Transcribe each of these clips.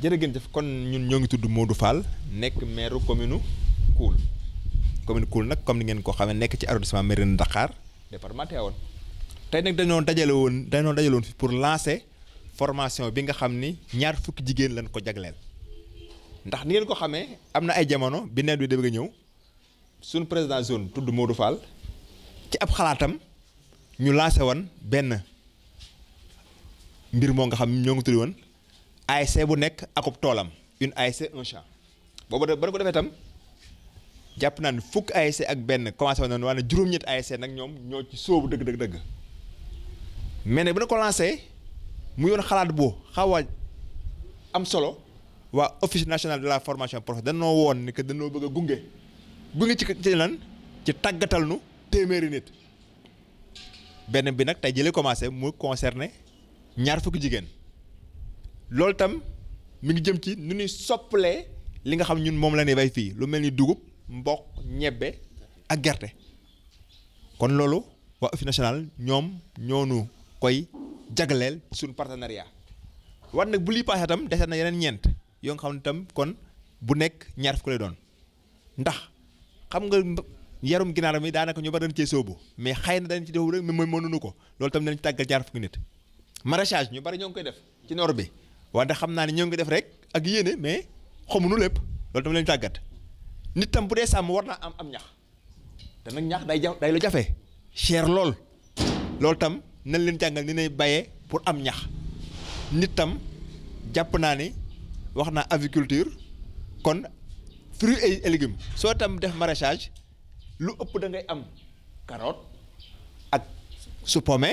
jërëgéen jëf kon ñun ñoo ngi tudd Modou Fall nekk maire commune Koul commune Koul nag comme ni ngeen ko xamee nekk ci arrondissement Mérina Dakhar département Tivaouane tey nag dañoo dajale woon dañoo dajale woon fi pour lancer formation bi nga xam ni ñaar fukki jigéen lañ ko jagleel ndax ni ngeen ko xamee am na ay jamono bi nawet bi da bëgg ñëw suñu président zone tudd Modou Fall ci ab xalaatam ñu lancé woon benn mbir moo nga xam ñoo ngi tudd woon ASC bu nekk akub toolam une ASC un champ boobu da ba ko defee tam jàpp naa ne fukk ASC ak benn commencé woon nañu wala juróom-ñett ASC nag ñoom ñoo ci sóobu dëgg dëgg dëgg mais nag bu na mu yoon xalaat bu xaw a am solo waa office national de la formation professionnelle danoo woon ni que danoo bëgg a gunge gunge ci ci lan ci tàggatal nu téeméeri nit benn bi nag tey jëlee commencé mu concerné ñaar fukki jigéen. loolu tam mi ngi jëm ci nu ñuy soppalee li nga xam ñun moom la ne bay fii lu mel ni dugub mboq ñebbe ak gerte kon loolu waa Office national ñoom ñoonu koy jagleel suñu partenariat war nag bu lii paasee tam dese na yeneen ñeent yoo nga xam ne kon bu nekk ñaar fukk lay doon ndax xam nga yarum ginaar mi daanaka ñu ba dañ cee sóobu mais xëy na dañ ci def rek mais mooy mënuñu ko loolu tam dañ ci tàggal ñaar fukki nit maraîchage ñu bari ñoo ngi koy def ci noor bi waa wante xam naa ne ñoo ngi def rek ak yéene mais xamuñu lépp loolu tam leen tàggat nit tam bu dee sàmm war naa am am ñax te nag ñax day ja day jafe cher lool loolu tam nañ leen jàngal ni nay bayee pour am ñax nit tam jàpp naa ni wax naa aviculture kon fruits et légumes soo tam def maraîchage lu ëpp da ngay am carotte ak supome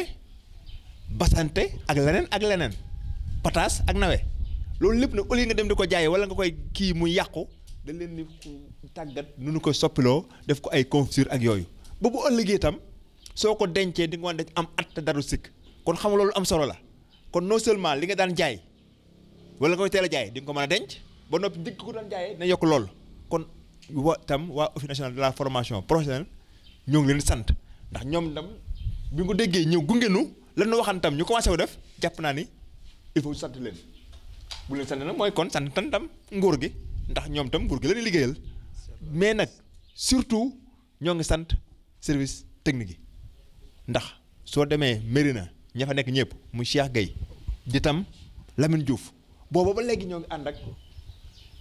basante ak leneen ak leneen pataas ak nawe loolu lépp nag au nga dem di ko jaay wala nga koy kii mu yàqu da leen ni tàggat nu nu ko soppiloo def ko ay confiture ak yooyu ba bu ëllëgee itam soo ko dencee di nga wan am at te daru kon xam loolu am solo la kon non seulement li nga daan jaay wala nga koy teel a jaay di ko mën a denc ba noppi dikk ko daan jaaye na yokk loolu kon wa tam waa office national de la formation professionnelle ñoo ngi leen sant ndax ñoom itam bi nga déggee ñëw gungeenu lan nu waxan tam ñu commencé wu def jàpp naa ni il faut sant leen bu leen sant nag mooy kon sant tam nguur gi ndax ñoom tam nguur gi la ñuy liggéeyal mais nag surtout ñoo ngi sant service technique yi ndax soo demee Mérina ña fa nekk ñëpp mu Cheikh Gueye di tam Lamine Diouf booba ba léegi ñoo ngi ànd ak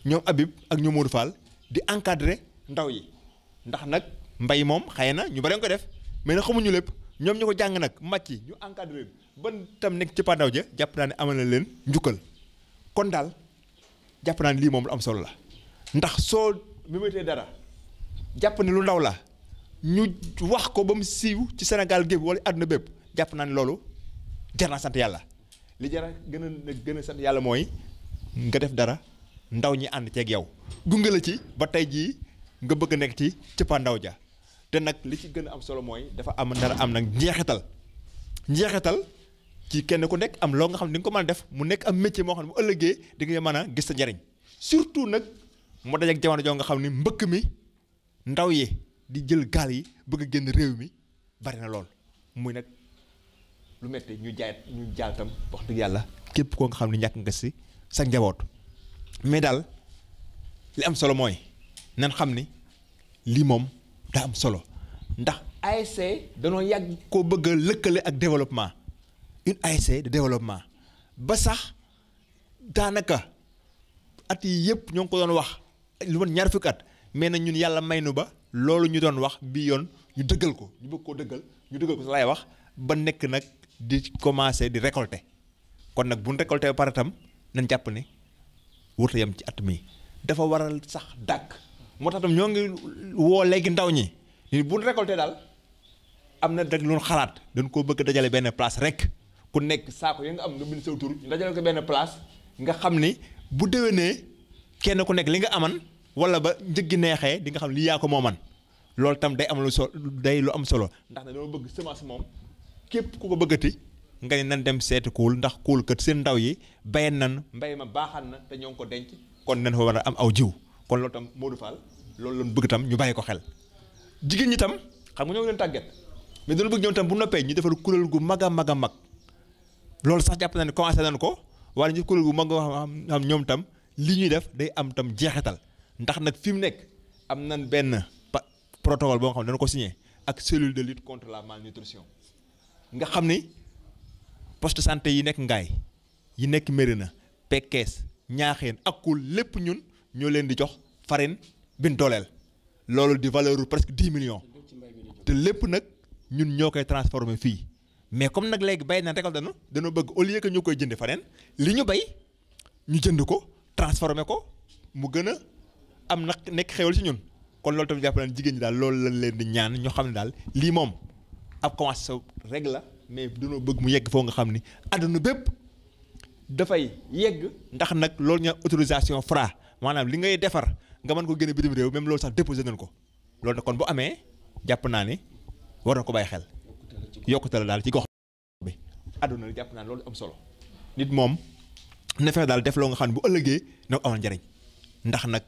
ñoom Habib ak ñoom Modou di encadrer ndaw yi ndax nag mbay moom xëy na ñu bari ko def mais nag xamuñu lépp. ñoom ñu ko jàng nag màcc ñu encadré leen ban tam nekk ci pandaw ja jàpp naa ne amal na leen njukkal kon daal jàpp naa ne lii moom lu am solo la ndax soo mémétee dara jàpp ne lu ndaw la ñu wax ko ba mu siiw ci Sénégal gépp wala àdduna bépp jàpp naa ne loolu jar naa sant yàlla li jar a gën a gën sant yàlla mooy nga def dara ndaw ñi ànd ceeg yow gunge la ci ba tey jii nga bëgg nekk ci cëppaandaw ja te nag li ci gën a am solo mooy dafa am dara am nag njeexital njeexital ci kenn ku nekk am loo nga xam ne di ko man a def mu nekk am métier moo xam ne bu ëllëgee di nga mën a gis sa njariñ surtout nag mu dajeeg jamono joo nga xam ne mbëkk mi ndaw yi di jël gaal yi bëgg a génn réew mi bari na lool muy nag lu metti ñu jaay ñu jaal wax dëgg yàlla képp koo nga xam ne ñàkk nga si sa njaboot mais daal li am solo mooy nan xam ni lii moom daa am solo ndax ASC danoo yàgg koo bëgg a lëkkale ak développement une ASC de développement ba sax daanaka at yi yëpp ñoo ngi ko doon wax lu man ñaar fukki at mais na ñun yàlla may nu ba loolu ñu doon wax bi yoon ñu dëggal ko ñu bëgg koo dëggal ñu dëggal ko sa lay wax ba nekk nag di commencer di récolter kon nag bu ñu récolter ba pare tam nañ jàpp ne wërta yam ci at mi dafa waral sax dàkk moo tax tam ñoo ngi woo léegi ndaw ñi ni bu récolté daal am na rek lu xalaat dañ koo bëgg dajale benn place rek ku nekk saako ya nga am nga bind sa tur ñu dajale ko benn place nga xam ni bu déwénee kenn ku nekk li nga aman wala ba njëg neexee di nga xam lii yaa ko moo man loolu tam day am lu so day lu am solo ndax ne dama bëgg semence moom képp ku ko bëggati nga ne nan dem seeti kuul ndax kuul kat seen ndaw yi bayan nan mbay ma baaxal na te ñoo ngi ko denc kon nan fa war a am aw jiw kon loolu tam Modou Fall loolu lañ bëgg tam ñu bàyyi ko xel jigéen ñi tam xam nga ñoo leen tàgget mais dañu bëgg ñoom tam bu noppee ñu defar kuréel gu mag a mag a mag loolu sax jàpp na ne commencé nañ ko waaye ñu kuréel gu mag a xam ñoom tam li ñuy def day am tam jeexital ndax nag fi mu nekk am nañ benn protocole boo xam ne dañu ko siñe ak cellule de lutte contre la malnutrition nga xam ni poste santé yi nekk ngaay yi nekk Mérina Pekes Ñaaxeen ak lépp ñun. ñoo leen di jox farine bin dooleel loolu di valeur presque dix millions te lépp nag ñun ñoo koy transformer fii mais comme nag léegi bay na récolte na dañoo bëgg au lieu que koy jënd farine li ñu bay ñu jënd ko transformer ko mu gën a am nag nekk xéwal si ñun kon loolu tamit jàpp naan jigéen ñi daal loolu lañ leen di ñaan ñoo xam ne daal lii moom ab commencé sa règle la mais dañoo bëgg mu yegg foo nga xam ni àdduna bépp dafay yegg ndax nag loolu ñu autorisation Fra. maanaam li ngay defar nga mën ko génne bitim réew même loolu sax déposé nañ ko loolu nag kon bu amee jàpp naa ne war na ko bàyyi xel yokkute la daal ci gox bi àdduna jàpp naa loolu am solo nit moom na fexe daal def loo nga xam ne bu ëllëgee na ko amal njariñ ndax nag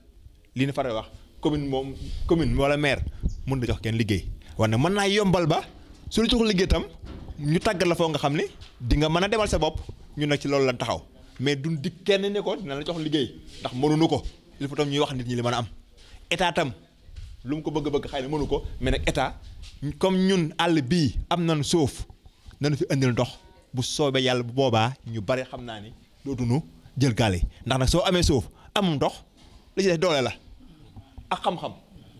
li ñu faral wax commune moom commune wala maire mën na jox kenn liggéey war na mën naa yombal ba su lu jox liggéey tam ñu tàggat la foo nga xam ne di nga mën a demal sa bopp ñu nag ci loolu lan taxaw mais du di kenn ne ko dina la jox liggéey ndax mënuñu ko il faut tam ñuy wax nit ñi li man a am état tam lu mu ko bëgg-bëgg xay ne mënu ko mais nag état comme ñun àll bii am nañ suuf nañu fi indil ndox bu soobee yàlla bu boobaa ñu bari xam naa ni dootuñu jël gaal yi ndax nag soo amee suuf amum ndox li ci doole la ak xam-xam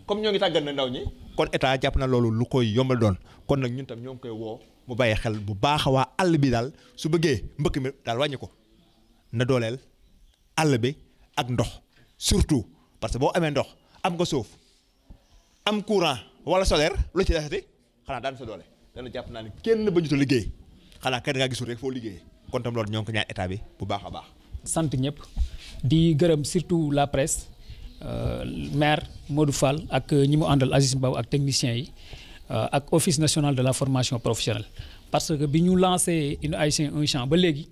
comme ñoo ngi tàggat na ndaw ñi kon état jàpp na loolu lu koy yombal doon kon nag ñun tam ñoo ngi koy woo mu bàyyi xel bu baax waa àll bi daal su bëggee mbëkk mi daal wàññi ko na dooleel àll bi ak ndox surtout parce que boo amee ndox am nga suuf am courant wala solaire lu ci desati xanaa daan sa doole dana jàpp naa ne kenn ñu ta liggéey xanaa kenn ngaa gisul rek foo liggéeyee kon tam loolu ñoo ngi ko ñaan état bi bu baax a baax. sant ñëpp di gërëm surtout la presse euh, maire Modou Fall ak ñi mu àndal agis Mbaw ak techniciens yi euh, ak office national de la formation professionnelle parce que bi ñu lancé une ASC un champ ba léegi.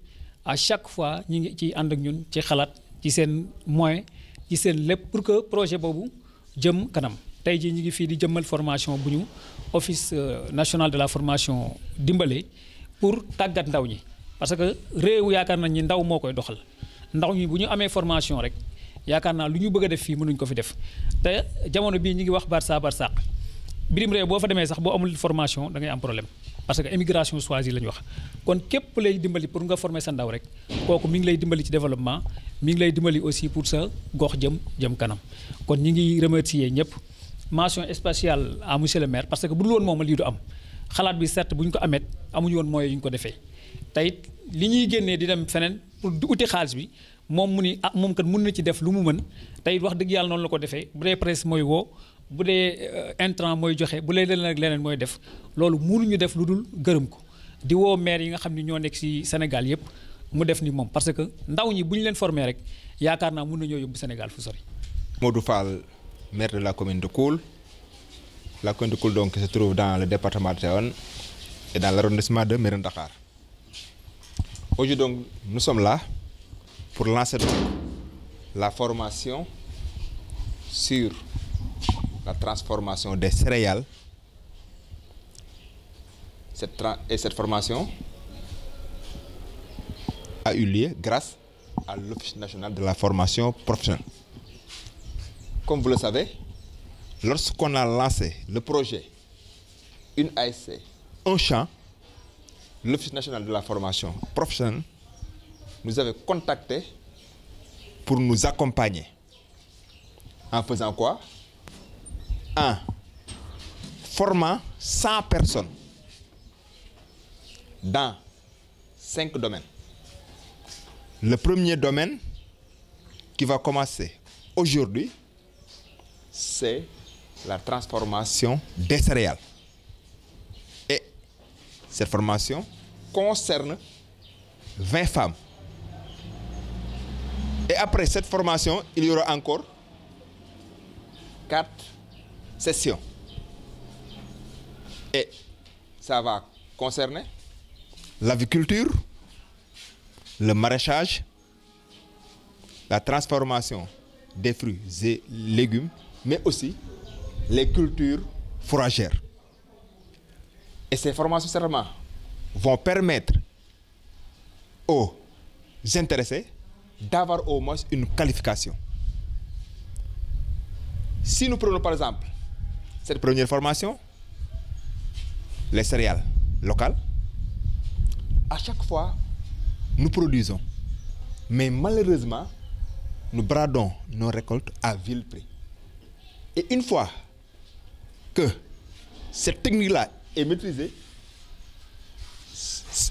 à chaque fois ñu ngi ciy ànd ak ñun ci xalaat ci seen moyen ci seen lépp pour que projet boobu jëm kanam tey jii ñu ngi fii di jëmmal formation bu ñu office euh, national de la formation dimbale pour tàggat ndaw ñi parce que réew yaakaar nañ ni ndaw moo koy doxal ndaw ñi bu ñu amee formation rek yaakaar naa lu ñu bëgg a def fii mënuñ ko fi def te jamono bii ñu ngi wax Barça Barsaq birim réew boo fa demee sax boo amul formation da ngay am problème parce que immigration choisie la ñu wax kon képp lay dimbali pour nga former sa ndaw rek kooku mi ngi lay dimbali ci développement mi ngi lay dimbali aussi pour sa gox jëm jëm kanam kon ñi ngi remercier ñëpp mention spéciale à monsieur le parce que bu dul woon moom lii du am xalaat bi certes bu ñu ko amet amuñu woon moyen yu ñu ko defee teyit li ñuy génnee di dem feneen pour du uti xaalis bi moom mu ni ah moom kat mun na ci def lu mu mën teyit wax dëgg yàlla noonu la ko defee bu dee presse mooy woo bu dee euh, intrant mooy joxe bu lay leneen ak leneen mooy def loolu mënuñu def lu dul gërëm ko di woo maire yi nga xam ni ñoo nekk ci Sénégal yëpp mu def ni moom parce que ndaw ñi bu ñu leen formé rek yaakaar naa mën nañoo yóbbu Sénégal fu moo du Fall maire de la commune de Koul la commune de Koul donc se trouve dans le département de Taïwan et dans l'arrondissement de Mérina Dakhar aujourd'hui donc nous sommes là pour lancer donc la formation sur la transformation des céréales cette et cette formation a eu lieu grâce à l'Office national de la formation professionnelle. Comme vous le savez, lorsqu'on a lancé le projet Une ASC, un champ, l'Office national de la formation professionnelle nous avait contactés pour nous accompagner. En faisant quoi? un formant cent personnes dans cinq domaines. Le premier domaine qui va commencer aujourd'hui, c'est la transformation des céréales. Et cette formation concerne 20 femmes. Et après cette formation, il y aura encore session et ça va concerner l'aviculture le maraîchage la transformation des fruits et légumes mais aussi les cultures fourragères et ces formations certainement vont permettre aux intéressés d'avoir au moins une qualification si nous prenons par exemple cette première formation les céréales locales à chaque fois nous produisons mais malheureusement nous bradons nos récoltes à vil prix et une fois que cette technique-là est maîtrisée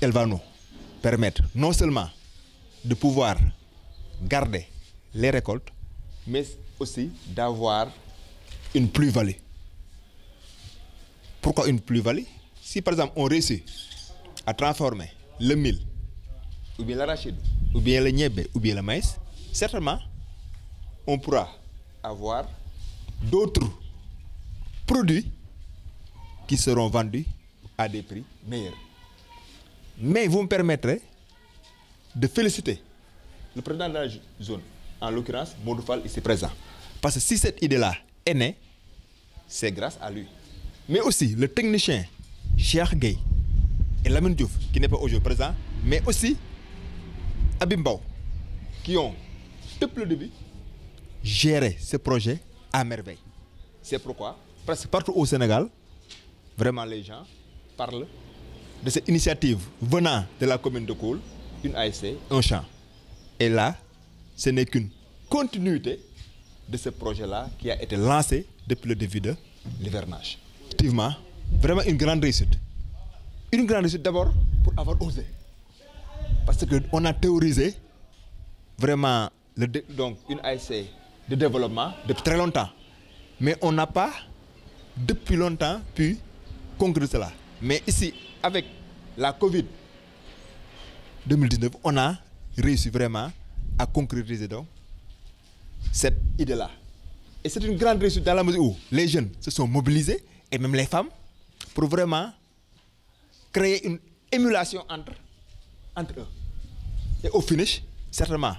elle va nous permettre non seulement de pouvoir garder les récoltes mais aussi d'avoir une plus-value Pourquoi une plus-value? Si par exemple on réussit à transformer le mille ou bien l'arachide ou bien le ñebbe ou bien le maïs, certainement on pourra avoir d'autres produits qui seront vendus à des prix meilleurs. Mais vous me permettrez de féliciter le président de la zone, en l'occurrence Modou Fall ici présent. Parce que si cette idée-là est née, c'est grâce à lui. mais aussi le technicien Cheikh Gueye et Lamine Diouf qui n'est pas aujourd'hui présent mais aussi Abim Mbaw qui ont depuis le début géré ce projet à merveille c'est pourquoi presque partout au Sénégal vraiment les gens parlent de cette initiatives venant de la commune de Koul une ASC un champ et là ce n'est qu'une continuité de ce projet-là qui a été lancé depuis le début de l'hivernage effectivement vraiment une grande réussite une grande réussite d'abord pour avoir osé parce que on a théorisé vraiment le donc une ASC de développement depuis très longtemps mais on n'a pas depuis longtemps pu conclure la mais ici avec la Covid 2019 on a réussi vraiment à concrétiser donc cette idée-là et c'est une grande réussite dans la mesure les jeunes se sont mobilisés et même les femmes pour vraiment créer une émulation entre entre eux et au finish certainement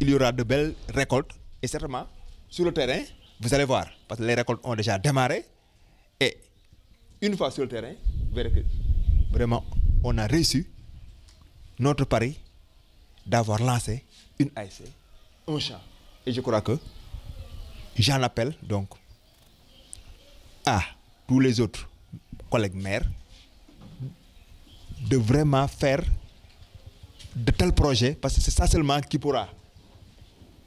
il y aura de belles récoltes et certainement sur le terrain vous allez voir parce que les récoltes ont déjà démarré et une fois sur le terrain vous vraiment on a réussi notre pari d'avoir lancé une ASC un champ et je crois que j'en appelle donc à tous les autres collègues maires de vraiment faire de tels projets parce que c'est ça seulement qui pourra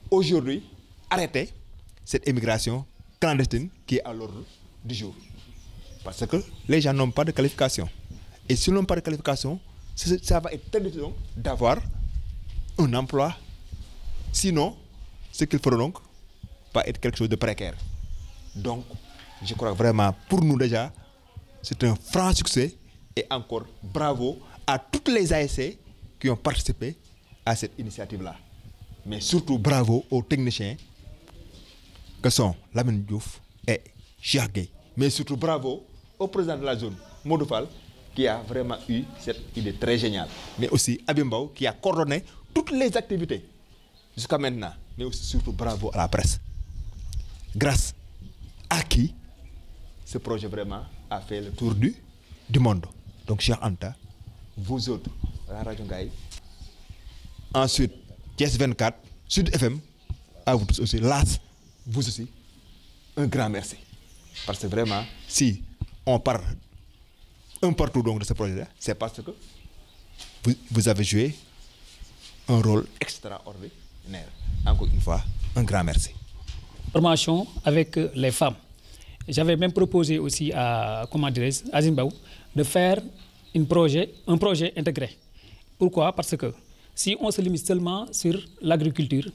aujourd'hui arrêter cette immigration clandestine qui est à l'ordre du jour. Parce que les gens n'ont pas de qualification. Et s'ils n'ont pas de qualification, ça va être très difficile d'avoir un emploi. Sinon, ce qu'ils feront donc va être quelque chose de précaire. je crois vraiment pour nous déjà c'est un franc succès et encore bravo à toutes les ASC qui ont participé à cette initiative-là mais surtout bravo aux techniciens que sont Lamine Diouf et Cheikh Gueye mais surtout bravo au président de la zone Modou Fall qui a vraiment eu cette idée très géniale mais aussi Abi Mbow qui a coordonné toutes les activités jusqu'à maintenant mais aussi surtout bravo à la presse grâce à qui ce projet vraiment a fait le tour du, du monde. Donc, Cheikh Anta, vous autres, la Radio Ngaï, ensuite, Thiès Sud FM, à vous tous aussi, LAS, vous aussi, un grand merci. Parce que vraiment, si on par un partout donc de ce projet-là, c'est parce que vous, vous avez joué un rôle extraordinaire. Encore une fois, un grand merci. Formation avec les femmes. J'avais même proposé aussi à, comment dirais-je, à Zimbaou, de faire une projet, un projet intégré. Pourquoi Parce que si on se limite seulement sur l'agriculture,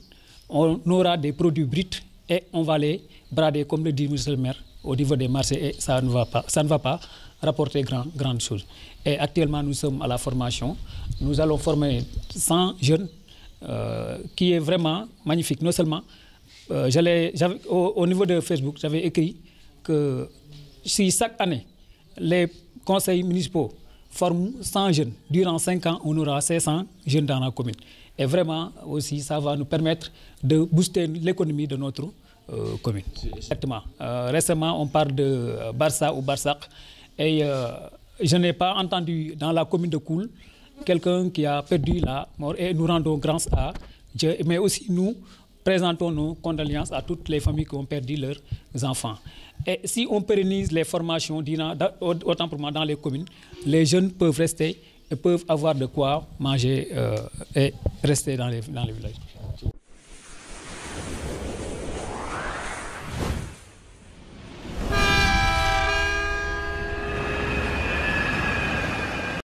on aura des produits bruts et on va les brader, comme le dit M. au niveau des marchés et ça ne va pas, ça rapporter grand, grande chose. Et actuellement, nous sommes à la formation. Nous allons former 100 jeunes, euh, qui est vraiment magnifique. Non seulement, euh, au, au, niveau de Facebook, j'avais que si chaque année les conseils municipaux forme 100 jeunes durant 5 ans on aura 500 jeunes dans la commune et vraiment aussi ça va nous permettre de booster l'économie de notre euh, commune. Exactement euh, récemment on parle de euh, Barça ou Barsaq et euh, je n'ai pas entendu dans la commune de Koul quelqu'un qui a perdu la mort et nous rendons grâce à Dieu mais aussi nous Présentons nos condoléances à toutes les familles qui ont perdu leurs enfants. Et si on pérennise les formations, autant pour moi, dans les communes, les jeunes peuvent rester, peuvent avoir de quoi manger euh, et rester les, dans les villages.